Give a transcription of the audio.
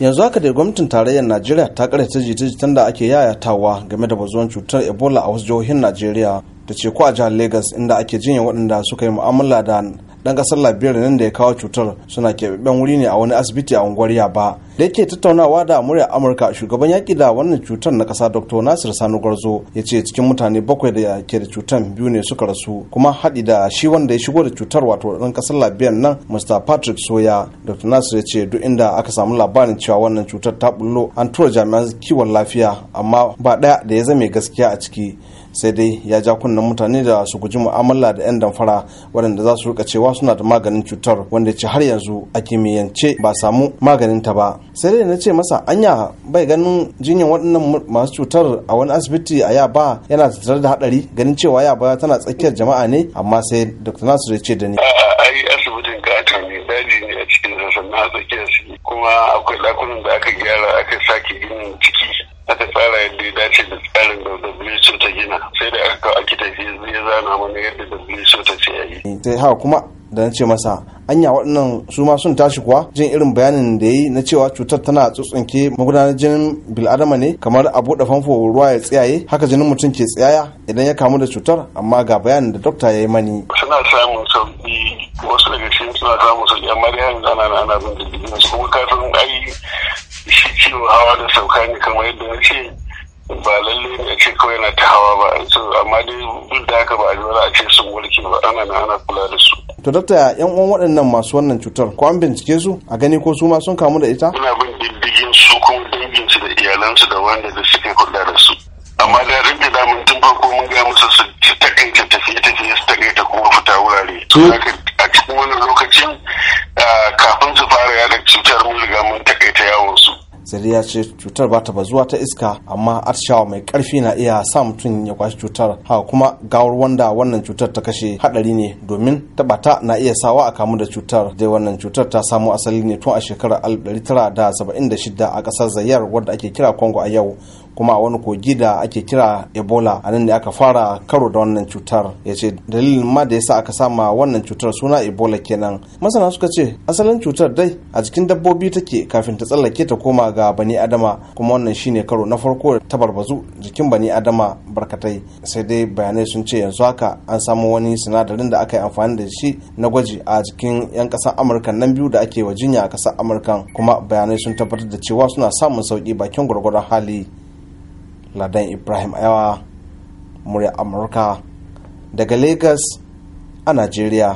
yanzu haka da gwamnatin tarayyar najeriya ta karyata jita-jitan da ake yayatawa game da bazuwan cutar ebola a wasu jihohin najeriya da ce ko a jihar lagos inda ake jinya waɗanda suka yi mu'amala da ɗan ƙasar liberia nan da ya kawo cutar suna keɓaɓɓen wuri ne a wani asibiti a unguwar yaba da yake tattaunawa da murya amurka shugaban yaki da wannan cutar na kasa dr nasir sani gwarzo ya ce cikin mutane bakwai da ke da cutar biyu ne suka rasu kuma haɗi da shi wanda ya shigo da cutar wato ɗan kasar labiyan nan mr patrick soya dr nasir ya ce duk inda aka samu labarin cewa wannan cutar ta bullo an tura jami'an kiwon lafiya amma ba ɗaya da ya zame gaskiya a ciki sai dai ya ja kunnen mutane da su guji mu'amala da 'yan damfara waɗanda za su rika cewa suna da maganin cutar wanda ce har yanzu a kimiyyance ba samu maganin ta ba sai dai na ce masa anya bai ganin jinyar waɗannan masu cutar a wani asibiti a yaba yana tattare da hadari ganin cewa yaba tana tsakiyar jama'a ne amma sai dr nasiru ya ce da ni ai asibitin gata ne daji ne a cikin sassan na tsakiyar su kuma akwai ɗakunan da aka gyara aka sake ginin ciki aka tsara yadda ya dace da tsarin da WHO ta gina sai da aka kawo tafi ya zana mana yadda WHO ta ce a yi. sai haka kuma da na ce masa hanya waɗannan su ma sun tashi kuwa jin irin bayanin da yi na cewa cutar tana tsutsunke magudanar jinin bil'adama ne kamar a buɗe famfo ruwa ya tsayaye haka jinin mutum ke tsayaya idan ya kamu da cutar amma ga bayanin da dokta ya yi mani. suna samun sauki wasu daga cikin suna samun sauki amma dai yanzu ana ana bin diddigin su kuma kafin ai shi ciwo hawa da sauka ne kamar yadda na ce ba lalle ne ce kawai na ta hawa ba amma dai duk da haka ba a ji wani a ce sun warke ba ana na ana kula da su. to dokta yan uwan waɗannan masu wannan cutar ko an bincike su a gani ko su ma sun kamu da ita muna bin diddigin su kuma dangin su da iyalansu da wanda da suke kula da su amma da rinka da mun tun farko mun ga musu su ta takaita tafiye tafiye su takaita kuma fita wurare a cikin wani lokacin ah, kafin su fara yaɗa cutar mun riga mun takaita ya sai ya ce cutar ba ta bazuwa ta iska amma atishawa mai karfi na iya sa mutum ya kwashi cutar haka kuma gawar wanda wannan cutar ta kashe hadari ne domin tabata na iya sawa a kamu da cutar dai wannan cutar ta samo asali ne tun a shekarar 1976 a kasar zayyar wadda ake kira congo a yau kuma a wani kogi da ake kira ebola a nan ne aka fara karo da wannan cutar ya ce dalilin ma da yasa aka sama wannan cutar suna ebola kenan masana suka ce asalin cutar dai a jikin dabbobi take kafin ta tsallake ta koma ga bani adama kuma wannan shine karo na farko ta barbazu jikin bani adama barkatai sai dai bayanai sun ce yanzu haka an samu wani sinadarin da aka yi amfani da shi na gwaji a jikin 'yan kasar amurka nan biyu da ake wa jinya a kasar amurka kuma bayanai sun tabbatar da cewa suna samun sauki bakin gwargwaron hali ladan ibrahim ayawa murya amurka daga lagos a najeriya